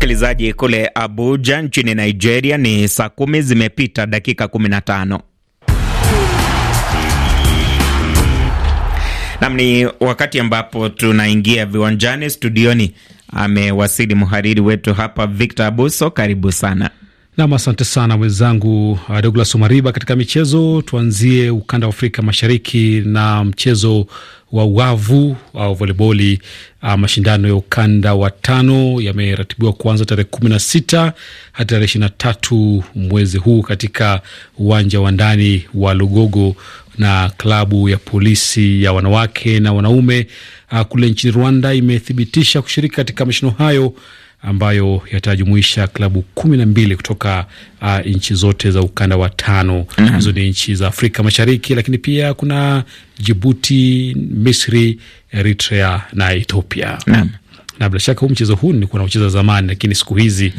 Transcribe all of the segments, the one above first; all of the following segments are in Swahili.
Msikilizaji kule Abuja nchini Nigeria ni saa kumi zimepita dakika 15. Nam, ni wakati ambapo tunaingia viwanjani. Studioni amewasili mhariri wetu hapa Victor Abuso, karibu sana. Nam, asante sana mwenzangu uh, Douglas Omariba. Katika michezo, tuanzie ukanda wa Afrika Mashariki na mchezo wa wavu au voleboli. Uh, mashindano ya ukanda wa tano yameratibiwa kuanza tarehe kumi na sita hadi tarehe ishirini na tatu mwezi huu katika uwanja wa ndani wa Lugogo na klabu ya polisi ya wanawake na wanaume uh, kule nchini Rwanda imethibitisha kushiriki katika mashindano hayo ambayo yatajumuisha klabu kumi na mbili kutoka uh, nchi zote za ukanda wa tano. Hizo ni nchi za Afrika Mashariki, lakini pia kuna Jibuti, Misri, Eritrea na Ethiopia na bila shaka huu mchezo huu nilikuwa naucheza zamani, lakini siku hizi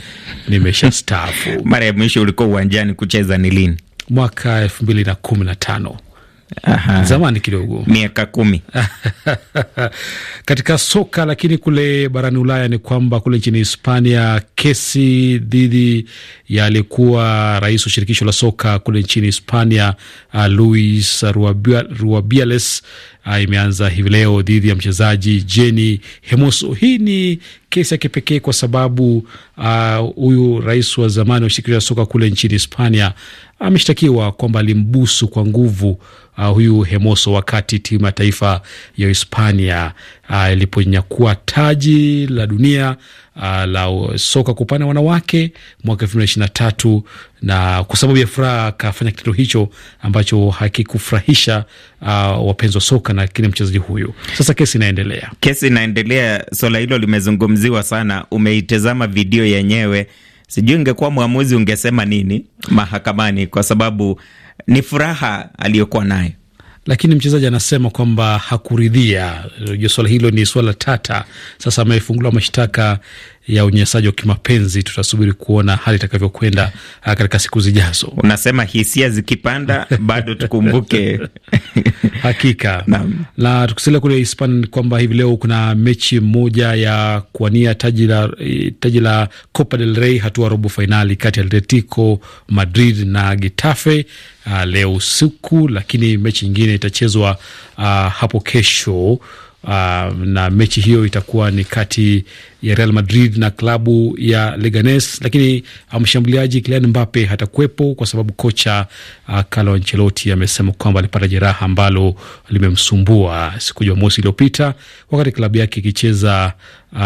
nimesha staafu. Mara ya mwisho ulikuwa uwanjani kucheza ni lini? Mwaka elfu mbili na kumi na tano. Aha. Zamani kidogo miaka kumi katika soka. Lakini kule barani Ulaya ni kwamba kule nchini Hispania kesi dhidi ya aliyekuwa rais wa shirikisho la soka kule nchini Hispania uh, Luis Ruabiales uh, imeanza hivi leo dhidi ya mchezaji Jeni Hermoso. Hii ni kesi ya kipekee kwa sababu uh, huyu uh, rais wa zamani wa shirikisho la soka kule nchini Hispania ameshtakiwa kwamba alimbusu kwa nguvu uh, huyu Hermoso wakati timu ya taifa ya Hispania ah, iliponyakua taji la dunia uh, la soka kwa upande wanawake mwaka elfu mbili na ishirini na tatu na kwa sababu ya furaha akafanya kitendo hicho ambacho hakikufurahisha uh, wapenzi wa soka na kile mchezaji huyu. Sasa kesi inaendelea, kesi inaendelea. Swala hilo limezungumziwa sana. Umeitazama video yenyewe, sijui ingekuwa mwamuzi ungesema nini mahakamani, kwa sababu ni furaha aliyokuwa nayo lakini mchezaji anasema kwamba hakuridhia. Jua swala hilo ni swala tata. Sasa amefunguliwa mashtaka ya unyanyasaji wa kimapenzi. Tutasubiri kuona hali itakavyokwenda uh, katika siku zijazo. Unasema hisia zikipanda bado tukumbuke hakika na, na tukisalia kule Hispania kwamba hivi leo kuna mechi moja ya kuwania taji la eh, taji la Copa del Rey hatua robo fainali kati ya Atletico Madrid na Getafe uh, leo usiku, lakini mechi nyingine itachezwa uh, hapo kesho. Uh, na mechi hiyo itakuwa ni kati ya Real Madrid na klabu ya Leganes, lakini ah, mshambuliaji Kylian Mbappe hatakuwepo kwa sababu kocha uh, Carlo Ancelotti amesema kwamba alipata jeraha ambalo limemsumbua siku Jumamosi iliyopita wakati klabu yake ikicheza uh,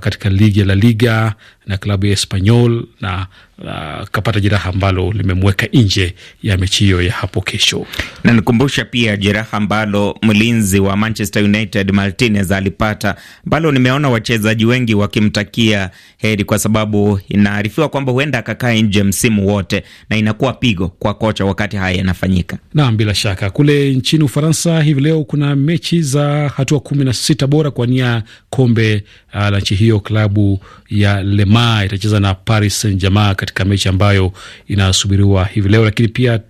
katika ligi ya La Liga na klabu ya Espanyol na uh, kapata jeraha ambalo limemweka nje ya mechi hiyo ya hapo kesho. Na nikumbusha pia jeraha ambalo mlinzi wa Manchester United Martinez alipata ambalo nimeona wachezaji wengi wakimtakia heri, kwa sababu inaarifiwa kwamba huenda akakaa nje msimu wote na inakuwa pigo kwa kocha wakati haya yanafanyika. Naam, bila shaka kule nchini Ufaransa hivi leo kuna mechi za hatua kumi na sita bora kwa nia kombe ah, la nchi hiyo. Klabu ya Lema itacheza na Paris Saint Germain katika mechi ambayo inasubiriwa hivi leo, lakini pia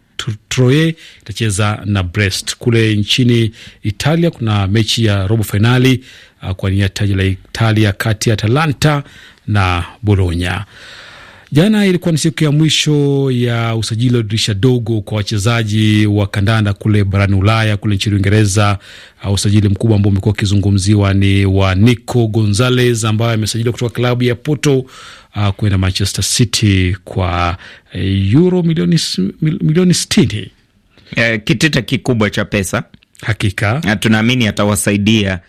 Troye itacheza na Brest. Kule nchini Italia kuna mechi ya robo fainali Uh, kuwania taji la Italia kati ya Atalanta na Bologna. Jana ilikuwa ni siku ya mwisho ya usajili wa dirisha dogo kwa wachezaji wa kandanda kule barani Ulaya. Kule nchini Uingereza, uh, usajili mkubwa ambao umekuwa ukizungumziwa ni wa Nico Gonzalez ambaye amesajiliwa kutoka klabu ya Porto uh, kwenda Manchester City kwa eh, euro milioni, milioni sitini. Uh, kitita kikubwa cha pesa hakika, tunaamini atawasaidia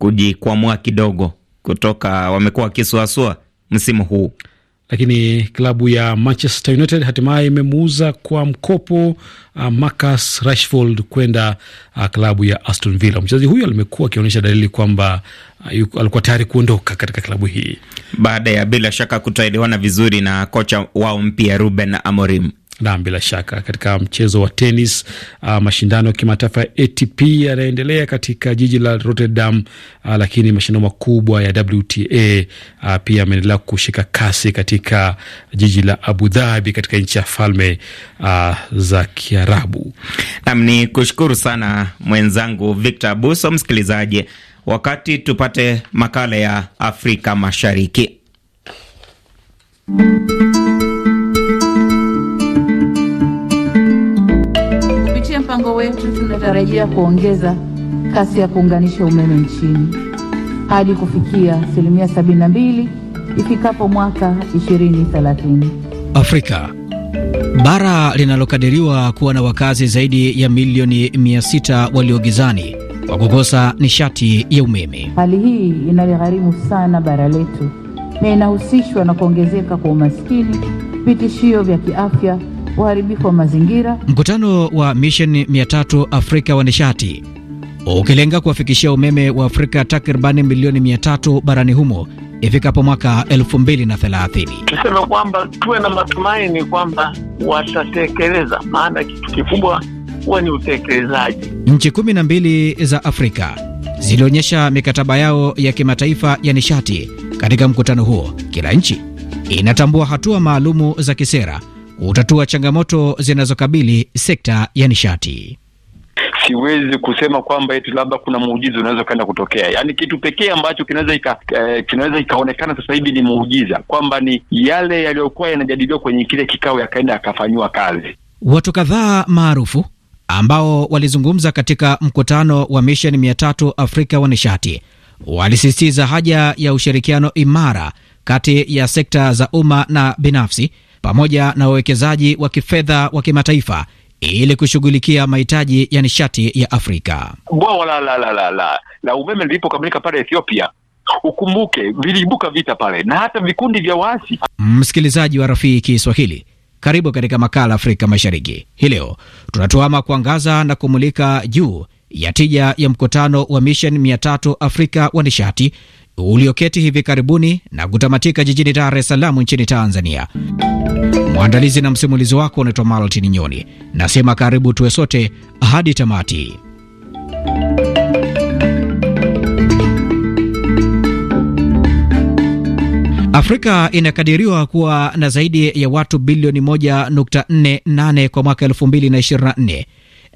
kujikwamua kidogo kutoka, wamekuwa wakisuasua msimu huu. Lakini klabu ya Manchester United hatimaye imemuuza kwa mkopo uh, Marcus Rashford kwenda uh, klabu ya Aston Villa. Mchezaji huyo alimekuwa akionyesha dalili kwamba uh, alikuwa tayari kuondoka katika klabu hii baada ya bila shaka kutoelewana vizuri na kocha wao mpya Ruben Amorim. Nam, bila shaka katika mchezo wa tenis uh, ah, mashindano ya kimataifa ya ATP yanaendelea katika jiji la Rotterdam uh, lakini mashindano makubwa ya WTA uh, ah, pia yameendelea kushika kasi katika jiji la Abu Dhabi katika nchi ya Falme uh, za Kiarabu. Nam, ni kushukuru sana mwenzangu Victor Buso. Msikilizaji, wakati tupate makala ya Afrika Mashariki mpango wetu tunatarajia kuongeza kasi ya kuunganisha umeme nchini hadi kufikia asilimia 72 ifikapo mwaka 2030. Afrika bara linalokadiriwa kuwa na wakazi zaidi ya milioni 600 waliogizani kwa kukosa nishati ya umeme. Hali hii inaligharimu sana bara letu na inahusishwa na kuongezeka kwa umaskini, vitishio vya kiafya uharibifu wa mazingira. Mkutano wa Mission 300 Afrika wa nishati ukilenga kuwafikishia umeme wa Afrika takribani milioni 300 barani humo ifikapo mwaka 2030. Tuseme kwamba tuwe na matumaini kwamba watatekeleza, maana kitu kikubwa huwa ni utekelezaji. Nchi kumi na mbili za Afrika zilionyesha mikataba yao ya kimataifa ya nishati katika mkutano huo. Kila nchi inatambua hatua maalumu za kisera utatua changamoto zinazokabili sekta ya nishati. Siwezi kusema kwamba eti labda kuna muujiza unaweza ukaenda kutokea. Yaani, kitu pekee ambacho kinaweza ika, eh, kinaweza ikaonekana sasa hivi ni muujiza kwamba ni yale yaliyokuwa yanajadiliwa kwenye kile kikao yakaenda yakafanyiwa kazi. Watu kadhaa maarufu ambao walizungumza katika mkutano wa mia tatu Afrika wa nishati walisisitiza haja ya ushirikiano imara kati ya sekta za umma na binafsi pamoja na wawekezaji wa kifedha wa kimataifa ili kushughulikia mahitaji ya nishati ya Afrika. Bwawa la, la, la, la, la, la umeme lilipokamilika pale Ethiopia, ukumbuke viliibuka vita pale na hata vikundi vya waasi. Msikilizaji wa Rafiki Kiswahili, karibu katika makala Afrika Mashariki. Hii leo tunatuama kuangaza na kumulika juu ya tija ya mkutano wa Mission 300 Afrika wa nishati ulioketi hivi karibuni na kutamatika jijini Dar es Salaam nchini Tanzania. Mwandalizi na msimulizi wako unaitwa Maltin Nyoni, nasema karibu tuwe sote hadi tamati. Afrika inakadiriwa kuwa na zaidi ya watu bilioni 1.48 kwa mwaka 2024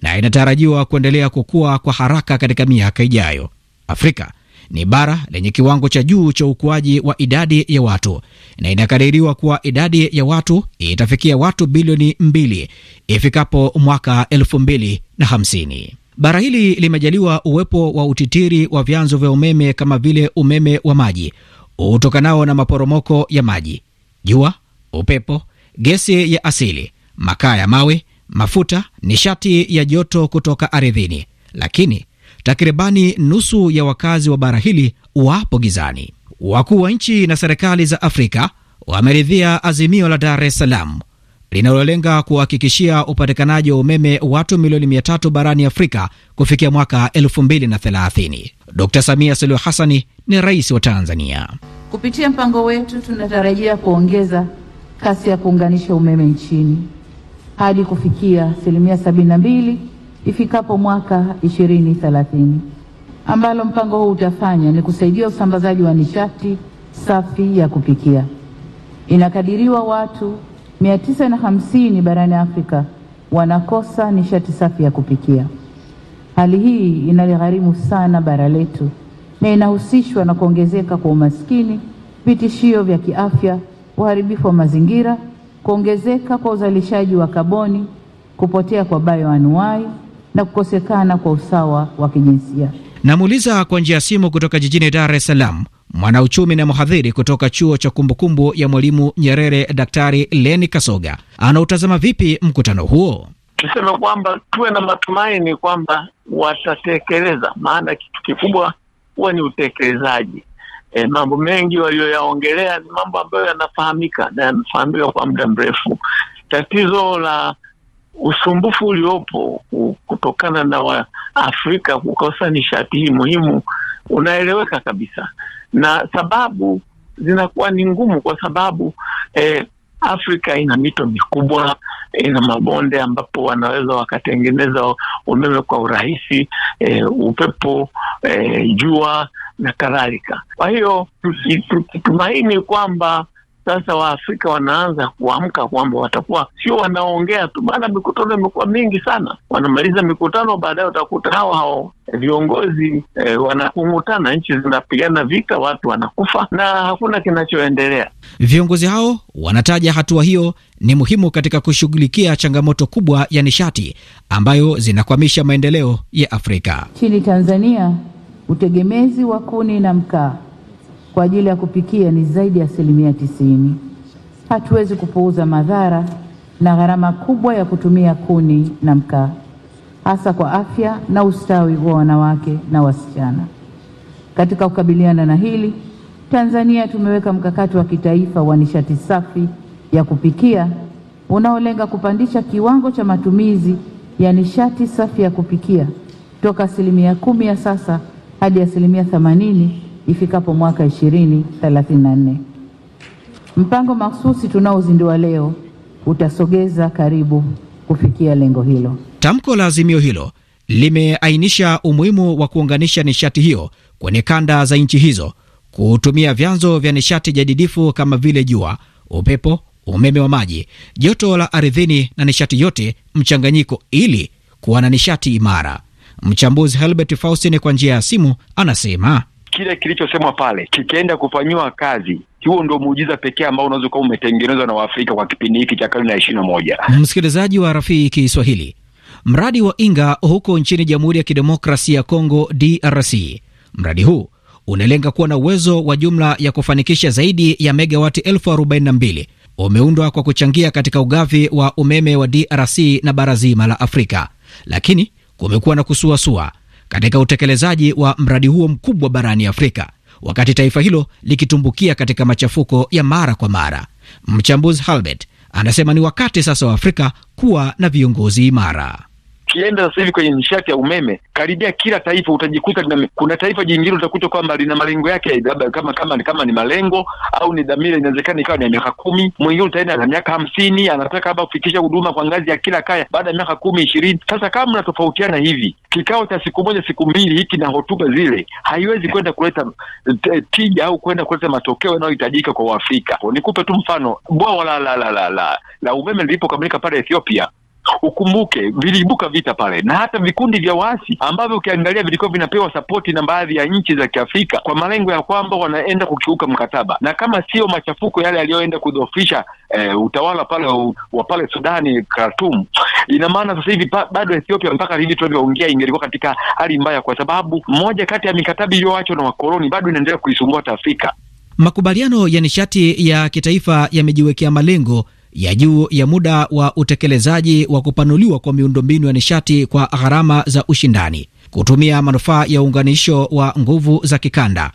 na inatarajiwa kuendelea kukua kwa haraka katika miaka ijayo. Afrika ni bara lenye kiwango cha juu cha ukuaji wa idadi ya watu na inakadiriwa kuwa idadi ya watu itafikia watu bilioni mbili ifikapo mwaka elfu mbili na hamsini. Bara hili limejaliwa uwepo wa utitiri wa vyanzo vya umeme kama vile umeme wa maji utokanao na maporomoko ya maji, jua, upepo, gesi ya asili, makaa ya mawe, mafuta, nishati ya joto kutoka ardhini, lakini takribani nusu ya wakazi wa bara hili wapo gizani. Wakuu wa nchi na serikali za Afrika wameridhia azimio la Dar es Salaam linalolenga kuhakikishia upatikanaji wa umeme watu milioni 300 barani Afrika kufikia mwaka 2030. d Samia Suluhu Hassani ni rais wa Tanzania. Kupitia mpango wetu tunatarajia kuongeza kasi ya kuunganisha umeme nchini hadi kufikia asilimia 72 ifikapo mwaka 2030 ambalo mpango huu utafanya ni kusaidia usambazaji wa nishati safi ya kupikia. Inakadiriwa watu 950 barani Afrika wanakosa nishati safi ya kupikia. Hali hii inaligharimu sana bara letu na inahusishwa na kuongezeka kwa umaskini, vitishio vya kiafya, uharibifu wa mazingira, kuongezeka kwa uzalishaji wa kaboni, kupotea kwa bayoanuai na kukosekana kwa usawa wa kijinsia. Namuuliza kwa njia ya simu kutoka jijini Dar es Salaam mwanauchumi na mhadhiri kutoka chuo cha kumbukumbu ya Mwalimu Nyerere, Daktari Leni Kasoga anautazama vipi mkutano huo? Tuseme kwamba tuwe na matumaini kwamba watatekeleza, maana kitu kikubwa huwa ni utekelezaji. E, mambo mengi waliyoyaongelea ni mambo ambayo yanafahamika na yanafahamika kwa muda mrefu. Tatizo la usumbufu uliopo kutokana na Waafrika kukosa nishati hii muhimu unaeleweka kabisa, na sababu zinakuwa ni ngumu kwa sababu eh, Afrika ina mito mikubwa, ina mabonde ambapo wanaweza wakatengeneza umeme kwa urahisi, eh, upepo, eh, jua na kadhalika. Kwa hiyo tukitumaini kwamba sasa Waafrika wanaanza kuamka kwamba watakuwa sio wanaongea tu, maana mikutano imekuwa mingi sana. Wanamaliza mikutano, baadaye utakuta hao hao viongozi e, wanakungutana, nchi zinapigana vita, watu wanakufa na hakuna kinachoendelea. Viongozi hao wanataja hatua hiyo ni muhimu katika kushughulikia changamoto kubwa ya nishati ambayo zinakwamisha maendeleo ya Afrika. Nchini Tanzania, utegemezi wa kuni na mkaa kwa ajili ya kupikia ni zaidi ya asilimia tisini. Hatuwezi kupuuza madhara na gharama kubwa ya kutumia kuni na mkaa, hasa kwa afya na ustawi wa wanawake na wasichana. Katika kukabiliana na hili, Tanzania tumeweka mkakati wa kitaifa wa nishati safi ya kupikia unaolenga kupandisha kiwango cha matumizi ya nishati safi ya kupikia toka asilimia kumi ya sasa hadi asilimia themanini ifikapo mwaka 2034. Mpango mahsusi tunaozindua leo utasogeza karibu kufikia lengo hilo. Tamko la azimio hilo limeainisha umuhimu wa kuunganisha nishati hiyo kwenye kanda za nchi hizo, kutumia vyanzo vya nishati jadidifu kama vile jua, upepo, umeme wa maji, joto la ardhini na nishati yote mchanganyiko, ili kuwa na nishati imara. Mchambuzi Helbert Faustin kwa njia ya simu anasema kile kilichosemwa pale kikienda kufanyiwa kazi huo ndio muujiza pekee ambao unaweza kuwa umetengenezwa na Waafrika kwa kipindi hiki cha karne ya ishirini na moja. Msikilizaji wa Rafiki Kiswahili, mradi wa Inga huko nchini Jamhuri ya Kidemokrasia ya Kongo, DRC. Mradi huu unalenga kuwa na uwezo wa jumla ya kufanikisha zaidi ya megawati elfu arobaini na mbili. Umeundwa kwa kuchangia katika ugavi wa umeme wa DRC na bara zima la Afrika, lakini kumekuwa na kusuasua katika utekelezaji wa mradi huo mkubwa barani Afrika, wakati taifa hilo likitumbukia katika machafuko ya mara kwa mara. Mchambuzi Halbert anasema ni wakati sasa wa Afrika kuwa na viongozi imara ukienda sasa hivi kwenye nishati ya umeme, karibia kila taifa utajikuta lina, kuna taifa jingine utakuta kwamba lina malengo yake, labda kama kama kama ni malengo au ni dhamira, inawezekana ikawa ni ya miaka kumi, mwingine utaenda ana miaka hamsini, anataka labda kufikisha huduma kwa ngazi ya kila kaya baada ya miaka kumi ishirini. Sasa kama mnatofautiana hivi, kikao cha siku moja siku mbili hiki na hotuba zile haiwezi kwenda kuleta eh, tija au kwenda kuleta matokeo yanayohitajika kwa Waafrika. Nikupe tu mfano, bwawa la la la la la umeme lilipokamilika pale Ethiopia Ukumbuke viliibuka vita pale, na hata vikundi vya waasi ambavyo ukiangalia vilikuwa vinapewa sapoti na baadhi ya nchi za Kiafrika kwa malengo ya kwamba wanaenda kukiuka mkataba, na kama sio machafuko yale yaliyoenda kudhoofisha eh, utawala pale wa pale Sudani Khartoum, ina maana sasa hivi bado Ethiopia mpaka hivi tunavyoongea ingelikuwa katika hali mbaya, kwa sababu moja kati ya mikataba iliyoachwa na wakoloni bado inaendelea kuisumbua hata Afrika. Makubaliano ya nishati ya kitaifa yamejiwekea malengo ya juu ya muda wa utekelezaji wa kupanuliwa kwa miundombinu ya nishati kwa gharama za ushindani, kutumia manufaa ya uunganisho wa nguvu za kikanda,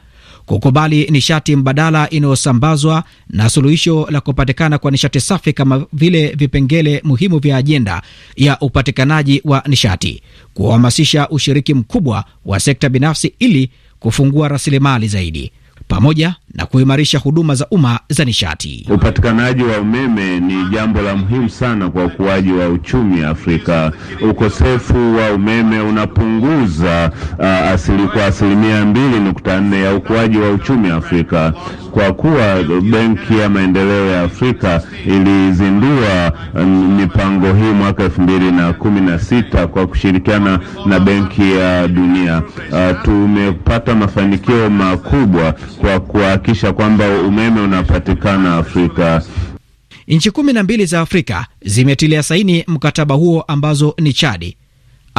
kukubali nishati mbadala inayosambazwa na suluhisho la kupatikana kwa nishati safi kama vile vipengele muhimu vya ajenda ya upatikanaji wa nishati, kuhamasisha ushiriki mkubwa wa sekta binafsi ili kufungua rasilimali zaidi pamoja na kuimarisha huduma za umma za nishati. Upatikanaji wa umeme ni jambo la muhimu sana kwa ukuaji wa uchumi Afrika. Ukosefu wa umeme unapunguza uh, asili kwa asilimia mbili nukta nne ya ukuaji wa uchumi Afrika, kwa kuwa Benki ya Maendeleo ya Afrika ilizindua um, mipango hii mwaka elfu mbili na kumi na sita kwa kushirikiana na Benki ya Dunia. Uh, tumepata mafanikio makubwa kwa kuhakikisha kwamba umeme unapatikana Afrika. Nchi kumi na mbili za Afrika zimetilia saini mkataba huo ambazo ni Chadi,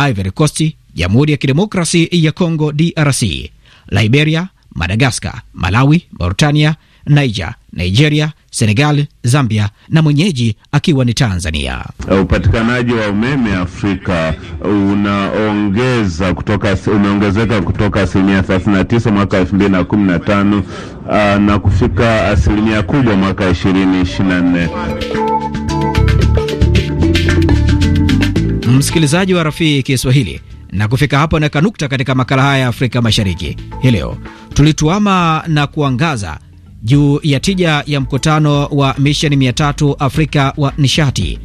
Ivory Coast, Jamhuri ya Kidemokrasi ya Kongo DRC, Liberia, Madagaskar, Malawi, Mauritania, Niger, Nigeria, Senegal, Zambia na mwenyeji akiwa ni Tanzania. Upatikanaji wa umeme Afrika unaongeza kutoka, umeongezeka kutoka asilimia 39 mwaka 2015 uh, ah, na kufika asilimia kubwa mwaka 2024. Msikilizaji wa rafiki Kiswahili, na kufika hapo naweka nukta katika makala haya ya Afrika Mashariki hii leo. Tulituama na kuangaza juu ya tija ya mkutano wa misheni 300 Afrika wa nishati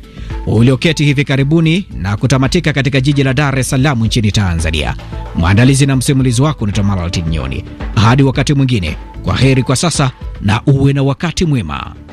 ulioketi hivi karibuni na kutamatika katika jiji la Dar es Salaam nchini Tanzania. Mwandalizi na msimulizi wako ni Tamara Latinyoni. Hadi wakati mwingine, kwa heri kwa sasa na uwe na wakati mwema.